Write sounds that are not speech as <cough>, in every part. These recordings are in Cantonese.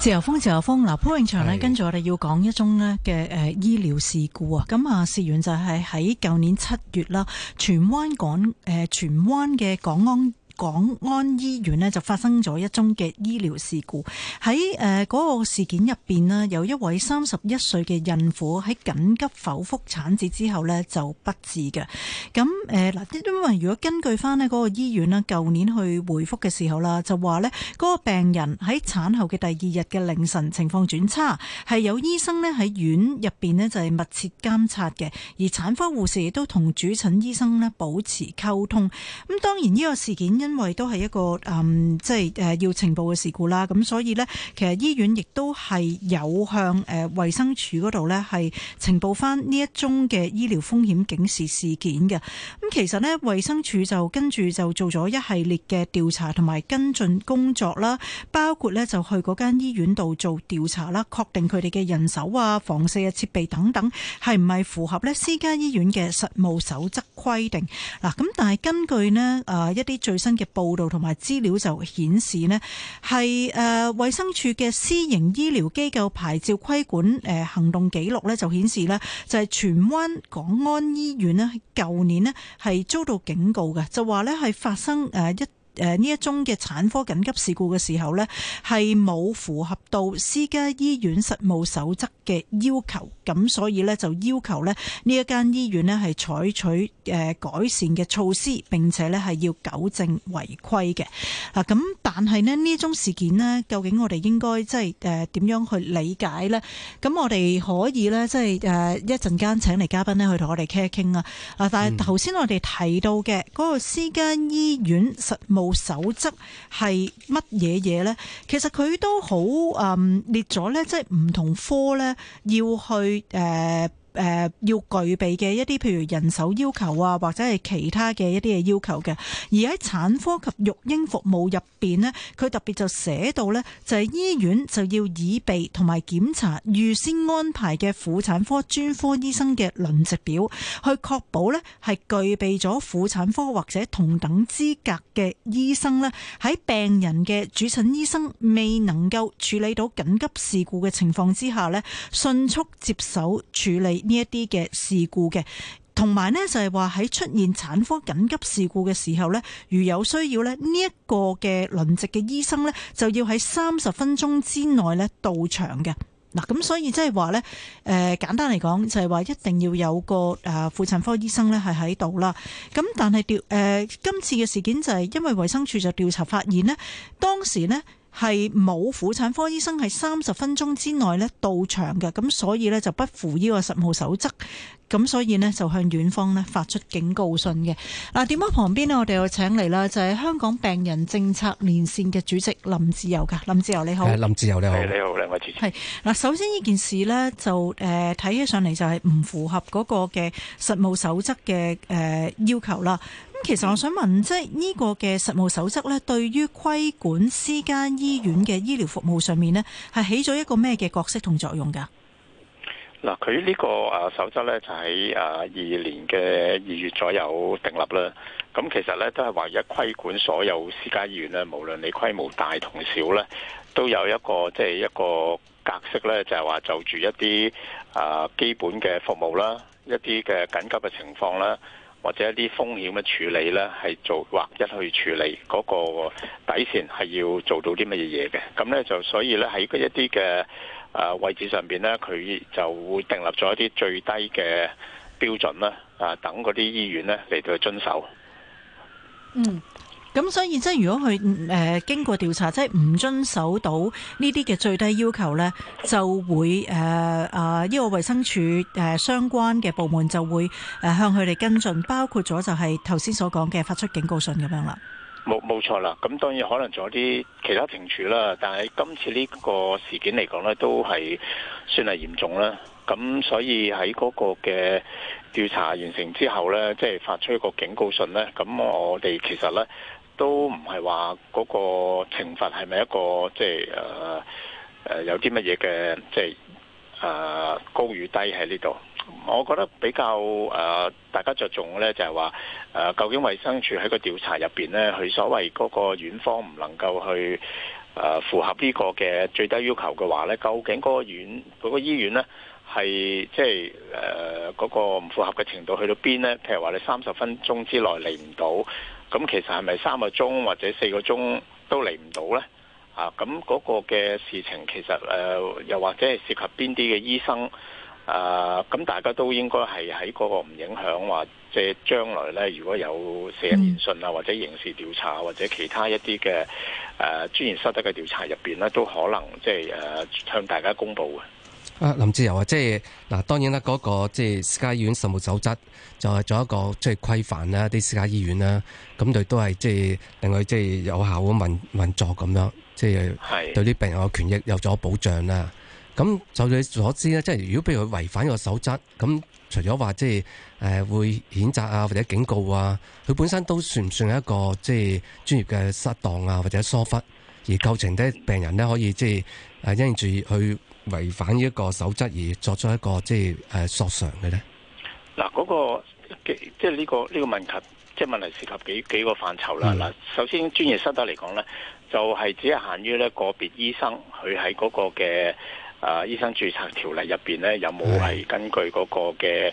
自由風，自由風。嗱，潘永祥呢，跟住我哋要講一宗呢嘅呃醫療事故啊。咁啊，事緣就係喺舊年七月啦，荃灣港呃荃灣嘅港安。港安醫院呢就發生咗一宗嘅醫療事故，喺誒嗰個事件入邊呢，有一位三十一歲嘅孕婦喺緊急剖腹產子之後呢就不治嘅。咁誒嗱，因為如果根據翻呢嗰個醫院咧舊年去回覆嘅時候啦，就話呢嗰個病人喺產後嘅第二日嘅凌晨情況轉差，係有醫生呢喺院入邊呢就係密切監察嘅，而產科護士亦都同主診醫生呢保持溝通。咁當然呢個事件因因為都係一個嗯，即係誒要呈報嘅事故啦，咁所以呢，其實醫院亦都係有向誒衛生署嗰度呢係呈報返呢一宗嘅醫療風險警示事件嘅。咁其實呢，衛生署就跟住就做咗一系列嘅調查同埋跟進工作啦，包括呢就去嗰間醫院度做調查啦，確定佢哋嘅人手啊、房舍嘅設備等等係唔係符合呢私家醫院嘅實務守則規定嗱。咁但係根據呢誒一啲最新嘅報道同埋資料就顯示咧，係誒衛生署嘅私營醫療機構牌照規管誒、呃、行動記錄咧，就顯示咧就係荃灣港安醫院咧，舊年咧係遭到警告嘅，就話咧係發生誒一誒呢一宗嘅產科緊急事故嘅時候咧，係冇符合到私家醫院實務守則。嘅要求，咁所以咧就要求咧呢一間醫院咧係採取誒改善嘅措施，並且咧係要糾正違規嘅啊。咁但係咧呢一宗事件咧，究竟我哋應該即係誒點樣去理解咧？咁我哋可以咧即係誒一陣間請嚟嘉賓咧去同我哋傾一傾啊。啊，但係頭先我哋提到嘅嗰，嗯，嗰個私家醫院實務守則係乜嘢嘢咧？其實佢都好誒，嗯、列咗咧，即係唔同科咧。要去誒。呃、要具備嘅一啲譬如人手要求啊，或者係其他嘅一啲嘅要求嘅。而喺產科及育嬰服務入邊咧，佢特別就寫到咧，就係醫院就要以備同埋檢查預先安排嘅婦產科專科醫生嘅輪值表，去確保咧係具備咗婦產科或者同等資格嘅醫生咧，喺病人嘅主診醫生未能夠處理到緊急事故嘅情況之下咧，迅速接手處理。呢一啲嘅事故嘅，同埋呢就係話喺出現產科緊急事故嘅時候呢，如有需要呢，呢、這、一個嘅輪值嘅醫生呢，就要喺三十分鐘之內呢到場嘅。嗱，咁所以即係話呢，誒、呃，簡單嚟講就係、是、話一定要有個誒婦產科醫生呢係喺度啦。咁但係調誒，今次嘅事件就係因為衛生署就調查發現呢，當時呢。係冇婦產科,科醫生喺三十分鐘之內呢到場嘅，咁所以呢就不符呢個實務守則，咁所以呢就向院方呢發出警告信嘅。嗱，電話旁邊呢我哋有請嚟啦，就係、是、香港病人政策連線嘅主席林志釉噶，林志釉你好，林志釉你好，你好，兩位主持。嗱，首先呢件事呢就誒睇、呃、起上嚟就係唔符合嗰個嘅實務守則嘅誒、呃、要求啦。其實我想問，即係呢個嘅實務守則咧，對於規管私家醫院嘅醫療服務上面咧，係起咗一個咩嘅角色同作用噶？嗱，佢呢個啊守則咧，就喺啊二年嘅二月左右訂立啦。咁其實咧都係話一規管所有私家醫院咧，無論你規模大同小咧，都有一個即係、就是、一個格式咧，就係話就住一啲啊基本嘅服務啦，一啲嘅緊急嘅情況啦。或者一啲風險嘅處理咧，係做劃一去處理嗰個底線係要做到啲乜嘢嘢嘅？咁咧就所以咧喺一啲嘅啊位置上邊咧，佢就會訂立咗一啲最低嘅標準啦。啊，等嗰啲醫院咧嚟到去遵守。嗯。咁所以即係如果佢誒、呃、經過調查，即係唔遵守到呢啲嘅最低要求咧，就會誒啊呢個衛生署誒、呃、相關嘅部門就會誒向佢哋跟進，包括咗就係頭先所講嘅發出警告信咁樣啦。冇冇錯啦。咁當然可能仲有啲其他懲處啦，但係今次呢個事件嚟講咧，都係算係嚴重啦。咁所以喺嗰個嘅調查完成之後咧，即係發出一個警告信咧。咁我哋其實咧都唔係話嗰個懲罰係咪一個即係誒誒有啲乜嘢嘅即係誒高與低喺呢度？我覺得比較誒大家着重咧就係話誒究竟衛生署喺個調查入邊咧，佢所謂嗰個院方唔能夠去誒符合呢個嘅最低要求嘅話咧，究竟嗰個院嗰個醫院咧？係即係誒嗰個唔符合嘅程度去到邊呢？譬如話你三十分鐘之內嚟唔到，咁其實係咪三個鐘或者四個鐘都嚟唔到呢？啊，咁嗰個嘅事情其實誒、呃，又或者係涉及邊啲嘅醫生啊？咁、呃、大家都應該係喺嗰個唔影響話，即係將來呢，如果有死因研訊啊，或者刑事調查或者其他一啲嘅誒專業失德嘅調查入邊呢，都可能即係誒向大家公佈嘅。啊，林志釉啊，即係嗱，當然啦，嗰個即係私家醫院實務守則，就係做一個即係規範啦，啲私家醫院啦，咁佢都係即係令佢即係有效咁運作咁樣，即係對啲病人嘅權益有咗保障啦。咁就你所知咧，即係如果譬如佢違反個守則，咁除咗話即係誒會譴責啊，或者警告啊，佢本身都算唔算係一個即係專業嘅失當啊，或者疏忽，而構成啲病人咧可以即係誒因住去。違反呢一個守則而作出一個即係誒、啊、索償嘅咧？嗱、嗰個，嗰、呢個即係呢個呢個問題，即係問題涉及幾幾個範疇啦。嗱、嗯，首先專業失德嚟講咧，就係只係限於咧個別醫生佢喺嗰個嘅誒、啊、醫生註冊條例入邊咧，有冇係根據嗰個嘅誒、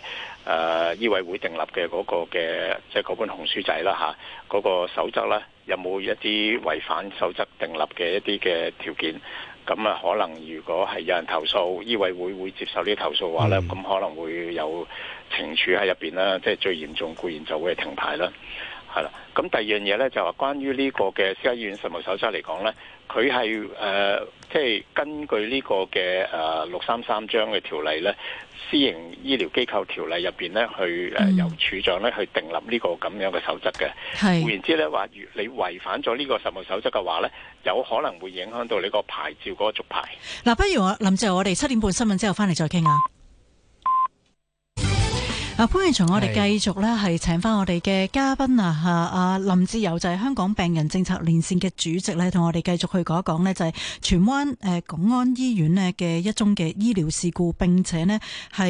啊、醫委會訂立嘅嗰個嘅即係嗰本紅書仔啦吓，嗰、啊嗰個守則咧，有冇一啲違反守則訂立嘅一啲嘅條件？咁啊，可能如果係有人投訴，醫委會會接受呢啲投訴嘅話咧，咁可能會有懲處喺入邊啦，即係最嚴重固然就會係停牌啦。係啦，咁第二樣嘢咧就係話關於呢個嘅私家醫院實務守則嚟講咧，佢係誒即係根據這個、呃、633呢個嘅誒六三三章嘅條例咧，私營醫療機構條例入邊咧去誒、呃嗯、由處長咧去訂立這個這呢個咁樣嘅守則嘅。係，換言之咧話如你違反咗呢個實務守則嘅話咧，有可能會影響到你個牌照嗰個續牌。嗱、啊，不如我林姐，我哋七點半新聞之後翻嚟再傾啊。啊，歡迎從我哋繼續咧，係請翻我哋嘅嘉賓啊嚇，阿林志釉就係、是、香港病人政策連線嘅主席咧，同我哋繼續去講一講呢就係荃灣港安醫院呢嘅一宗嘅醫療事故，並且呢係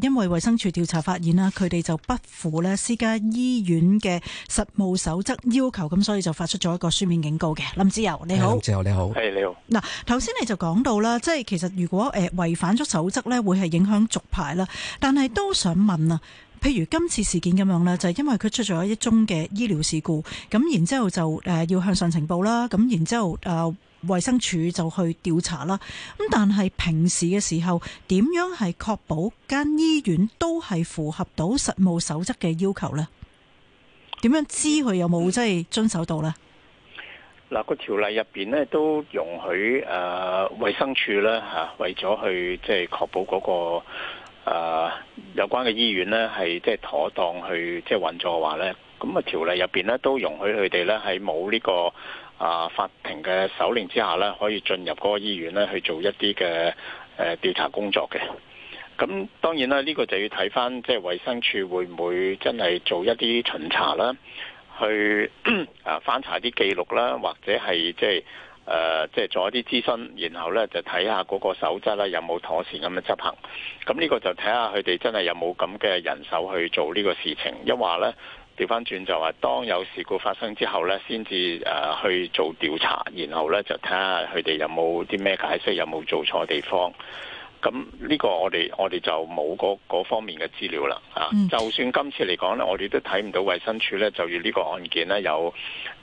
因為衛生署調查發現啦，佢哋就不符呢私家醫院嘅實務守則要求，咁所以就發出咗一個書面警告嘅。林志釉你好，林志釉你好，係你好。嗱，頭先你就講到啦，即係其實如果誒違反咗守則呢，會係影響續牌啦。但係都想問啊～譬如今次事件咁樣呢，就係因為佢出咗一宗嘅醫療事故，咁然之後就誒要向上呈報，啦，咁然之後誒衛生署就去調查啦。咁但係平時嘅時候，點樣係確保間醫院都係符合到實務守則嘅要求呢？點樣知佢有冇即係遵守到呢？嗱、那，個條例入邊呢，都容許誒衛生署咧吓、啊、為咗去即係確保嗰、那個。誒、呃、有關嘅醫院呢，係即係妥當去即係、就是、運作嘅話呢。咁啊，條例入邊呢，都容許佢哋呢，喺冇呢個啊、呃、法庭嘅手令之下呢，可以進入嗰個醫院呢去做一啲嘅誒調查工作嘅。咁當然啦，呢、這個就要睇翻即係衛生署會唔會真係做一啲巡查啦，去啊 <coughs> 翻查啲記錄啦，或者係即係。誒，即係做一啲諮詢，然後咧就睇下嗰個守則咧有冇妥善咁樣執行。咁呢個就睇下佢哋真係有冇咁嘅人手去做呢個事情。一話咧，調翻轉就話，當有事故發生之後咧，先至誒去做調查，然後咧就睇下佢哋有冇啲咩解釋，有冇做錯地方。咁呢個我哋我哋就冇嗰、嗰個方面嘅資料啦，啊、嗯，就算今次嚟講呢我哋都睇唔到衞生署呢，就要呢個案件呢，有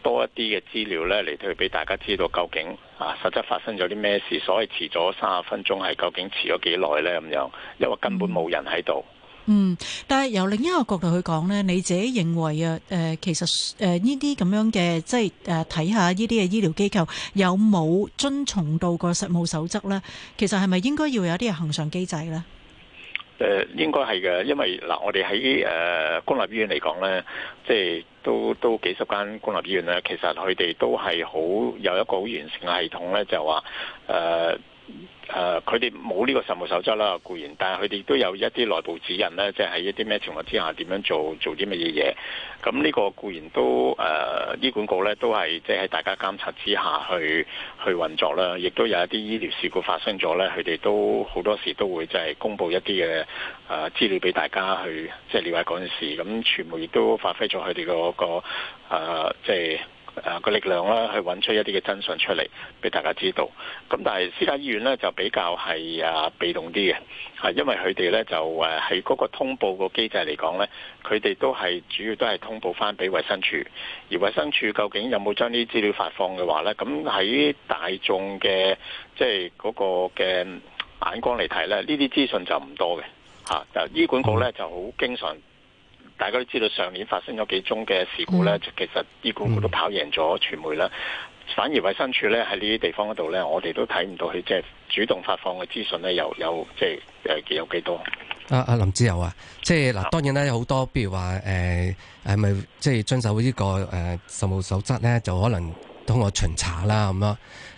多一啲嘅資料呢，嚟去俾大家知道究竟啊實質發生咗啲咩事，所以遲咗三十分鐘係究竟遲咗幾耐呢？咁樣，因為根本冇人喺度。嗯嗯，但係由另一個角度去講咧，你自己認為啊，誒，其實誒呢啲咁樣嘅，即係誒睇下呢啲嘅醫療機構有冇遵從到個實務守則咧？其實係咪應該要有啲恆常機制咧？誒，應該係嘅，因為嗱，我哋喺誒公立醫院嚟講咧，即係都都幾十間公立醫院咧，其實佢哋都係好有一個好完善嘅系統咧，就話誒。誒、呃，佢哋冇呢個實務守則啦，固然，但係佢哋都有一啲內部指引咧，即係喺一啲咩情況之下點樣做，做啲乜嘢嘢。咁呢個固然都誒，醫管局咧都係即係喺大家監察之下去去運作啦。亦都有一啲醫療事故發生咗咧，佢哋都好多時都會即係公布一啲嘅誒資料俾大家去即係、即係、了解嗰件事。咁傳媒亦都發揮咗佢哋個、嗰個即係。呃，即係誒、啊、個力量啦、啊，去揾出一啲嘅真相出嚟俾大家知道。咁但係私家醫院咧就比較係啊，被動啲嘅，係、啊、因為佢哋咧就誒喺嗰個通報個機制嚟講咧，佢哋都係主要都係通報翻俾衛生署，而衛生署究竟有冇將啲資料發放嘅話咧？咁喺大眾嘅即係嗰個嘅眼光嚟睇咧，呢啲資訊就唔多嘅嚇、啊。就醫管局咧就好經常。大家都知道上年發生咗幾宗嘅事故咧、嗯，其實醫管局都跑贏咗傳媒啦、嗯。反而衞生署咧喺呢啲地方嗰度咧，我哋都睇唔到佢即係主動發放嘅資訊咧，又有即係誒有幾多？阿阿林志釉啊，即係嗱，當然咧好多，譬如話誒誒，係咪即係遵守呢個誒實務守則咧，就可能通過巡查啦咁咯。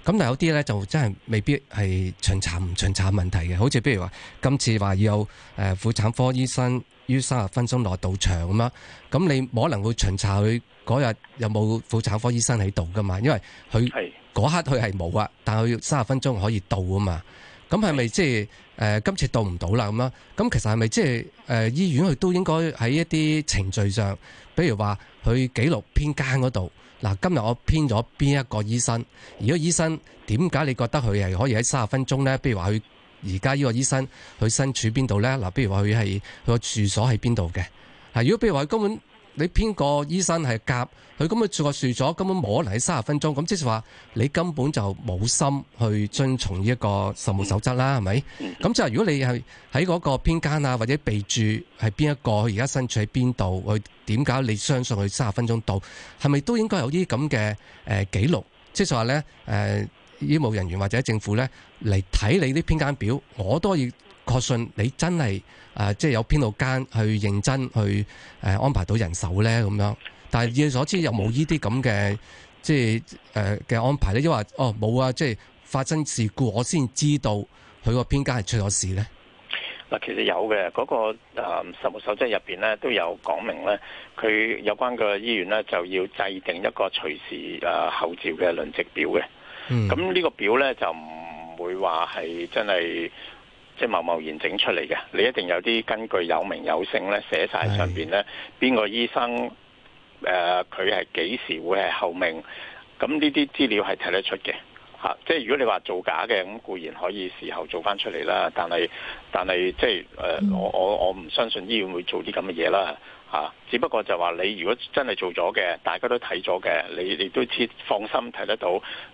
咁但有啲咧就真係未必係巡查唔巡查問題嘅，好似譬如話今次話要有誒婦產科醫生於三十分鐘內到場咁啦，咁你冇可能會巡查佢嗰日有冇婦產科醫生喺度噶嘛？因為佢嗰刻佢係冇啊，但係佢要三十分鐘可以到啊嘛。咁係咪即係今次到唔到啦，咁，咁其實係咪即係誒醫院佢都應該喺一啲程序上，比如話佢記錄偏間嗰度？今日我編咗邊一個醫生？如果醫生點解你覺得佢係可以喺三十分鐘呢？比如話佢而家呢個醫生佢身處邊度呢？比如話佢係個住所喺邊度嘅？如果比如話佢根本。你邊個醫生係夾佢咁樣個住咗，根本摸嚟三十分鐘，咁即係話你根本就冇心去遵從呢一個實務守則啦，係咪？咁即係如果你係喺嗰個偏間啊或者備注係邊一個，而家身處喺邊度，佢點解你相信佢三十分鐘到，係咪都應該有啲咁嘅誒記錄？即係話咧，誒、呃，醫務人員或者政府咧嚟睇你啲偏間表，我都要。確信你真係誒、呃，即係有邊度間去認真去誒、呃、安排到人手咧咁樣。但係以你所知，有冇呢啲咁嘅即係誒嘅安排咧？因為哦冇啊，即係發生事故我先知道佢個邊間係出咗事咧。嗱，其實有嘅，嗰、那個誒實務守則入邊咧都有講明咧，佢有關個醫院咧就要制定一個隨時誒候召嘅輪值表嘅。嗯，咁呢個表咧就唔會話係真係。即係貿貿然整出嚟嘅，你一定有啲根據，有名有姓咧，寫晒上邊咧，邊個醫生？誒、呃，佢係幾時會係候命？咁呢啲資料係睇得出嘅。嚇！即係如果你話造假嘅，咁固然可以時候做翻出嚟啦。但係但係即係誒，我我我唔相信醫院會做啲咁嘅嘢啦。嚇！只不過就話你如果真係做咗嘅，大家都睇咗嘅，你你都知放心睇得到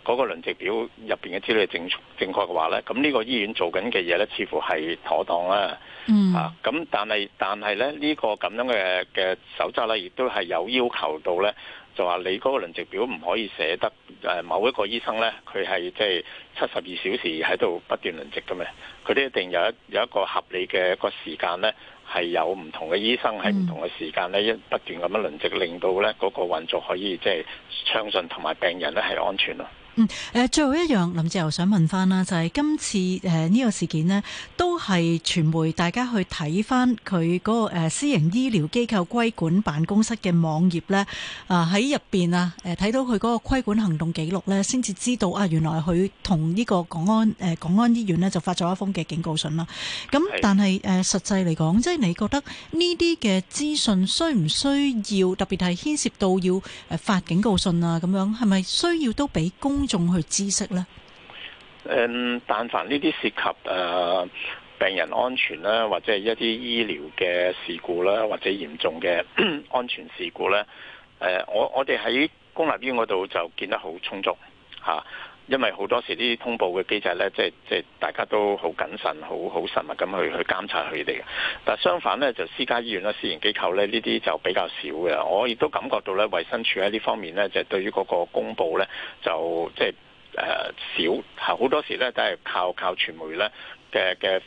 嗰個輪值表入邊嘅資料正正確嘅話咧，咁呢個醫院做緊嘅嘢咧，似乎係妥當啦。嗯。嚇、啊！咁但係但係咧，這個、這呢個咁樣嘅嘅守則咧，亦都係有要求到咧。就話你嗰個輪值表唔可以寫得誒某一個醫生咧，佢係即係七十二小時喺度不斷輪值㗎嘛。佢咧一定有一有一個合理嘅一個時間咧，係有唔同嘅醫生喺唔同嘅時間咧不斷咁樣輪值，令到咧嗰個運作可以即係暢順同埋病人咧係安全咯。嗯，誒，最後一樣林志釉想問翻啦，就係、是、今次誒呢、呃這個事件咧，都係傳媒大家去睇翻佢嗰個誒、呃、私營醫療機構規管辦公室嘅網頁咧，啊喺入邊啊誒睇到佢嗰個規管行動記錄咧，先至知道啊原來佢同呢個港安誒、呃、港安醫院咧就發咗一封嘅警告信啦。咁但係誒、呃、實際嚟講即係你覺得呢啲嘅資訊需唔需要特別係牽涉到要誒發警告信啊？咁樣，係咪需要都俾公？仲去知識咧？嗯，但凡呢啲涉及誒、呃、病人安全啦，或者係一啲醫療嘅事故啦，或者嚴重嘅 <coughs> 安全事故咧，誒、呃，我我哋喺公立醫院嗰度就見得好充足吓。啊因為好多時啲通報嘅機制呢，即係即係大家都好謹慎、好好慎密咁去去監察佢哋嘅。但相反呢，就私家醫院啦、私營機構呢，呢啲就比較少嘅。我亦都感覺到呢，衞生署喺呢方面呢，就對於嗰個公佈呢，就即係誒、呃、少好多時呢，都係靠靠傳媒呢嘅嘅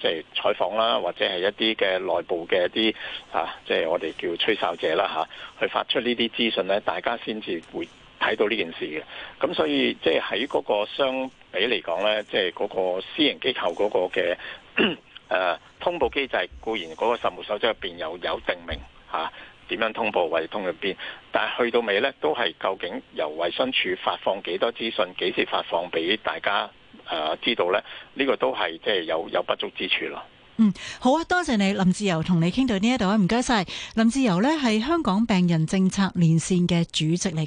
即係採訪啦，或者係一啲嘅內部嘅一啲啊，即、就、係、是、我哋叫吹哨者啦嚇、啊，去發出呢啲資訊呢，大家先至會。睇到呢件事嘅。咁，嗯，所以即係喺嗰個相比嚟講咧，即係嗰個私營機構嗰個嘅誒 <coughs> 通報機制固然嗰個實務守則入邊有有定明吓，點、啊、樣通報，或者通去邊，但係去到尾咧，都係究竟由衛生署發放幾多資訊，幾時發放俾大家誒、呃、知道咧？呢、這個都係即係有有不足之處咯。嗯，好啊，多謝你林志釉同你傾到，謝謝你呢一度啊，唔該晒林志釉咧，係香港病人政策連線嘅主席嚟。